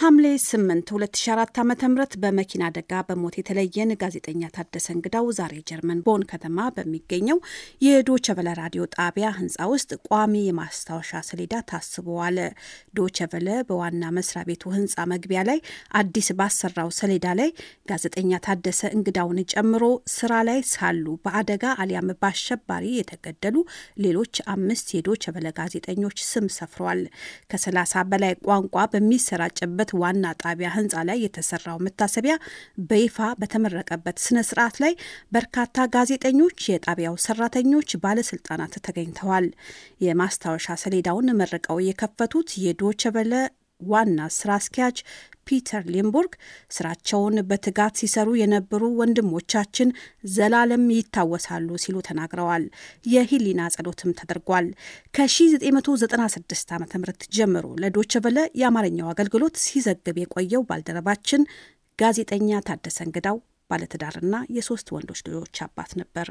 ሐምሌ 8 2004 ዓ.ም በመኪና አደጋ በሞት የተለየን ጋዜጠኛ ታደሰ እንግዳው ዛሬ ጀርመን ቦን ከተማ በሚገኘው የዶቸቨለ ራዲዮ ጣቢያ ህንፃ ውስጥ ቋሚ የማስታወሻ ሰሌዳ ታስቦ አለ። ዶቸቨለ በዋና መስሪያ ቤቱ ህንፃ መግቢያ ላይ አዲስ ባሰራው ሰሌዳ ላይ ጋዜጠኛ ታደሰ እንግዳውን ጨምሮ ስራ ላይ ሳሉ በአደጋ አሊያም በአሸባሪ የተገደሉ ሌሎች አምስት የዶቸቨለ ጋዜጠኞች ስም ሰፍሯል። ከ30 በላይ ቋንቋ በሚሰራጭበት ያለበት ዋና ጣቢያ ህንፃ ላይ የተሰራው መታሰቢያ በይፋ በተመረቀበት ስነ ስርዓት ላይ በርካታ ጋዜጠኞች፣ የጣቢያው ሰራተኞች፣ ባለስልጣናት ተገኝተዋል። የማስታወሻ ሰሌዳውን መርቀው የከፈቱት የዶቸበለ ዋና ስራ አስኪያጅ ፒተር ሊምቡርግ ስራቸውን በትጋት ሲሰሩ የነበሩ ወንድሞቻችን ዘላለም ይታወሳሉ ሲሉ ተናግረዋል። የሂሊና ጸሎትም ተደርጓል። ከ1996 ዓ ም ጀምሮ በለ የአማርኛው አገልግሎት ሲዘግብ የቆየው ባልደረባችን ጋዜጠኛ ታደሰ እንግዳው ባለትዳርና የሶስት ወንዶች ልጆች አባት ነበር።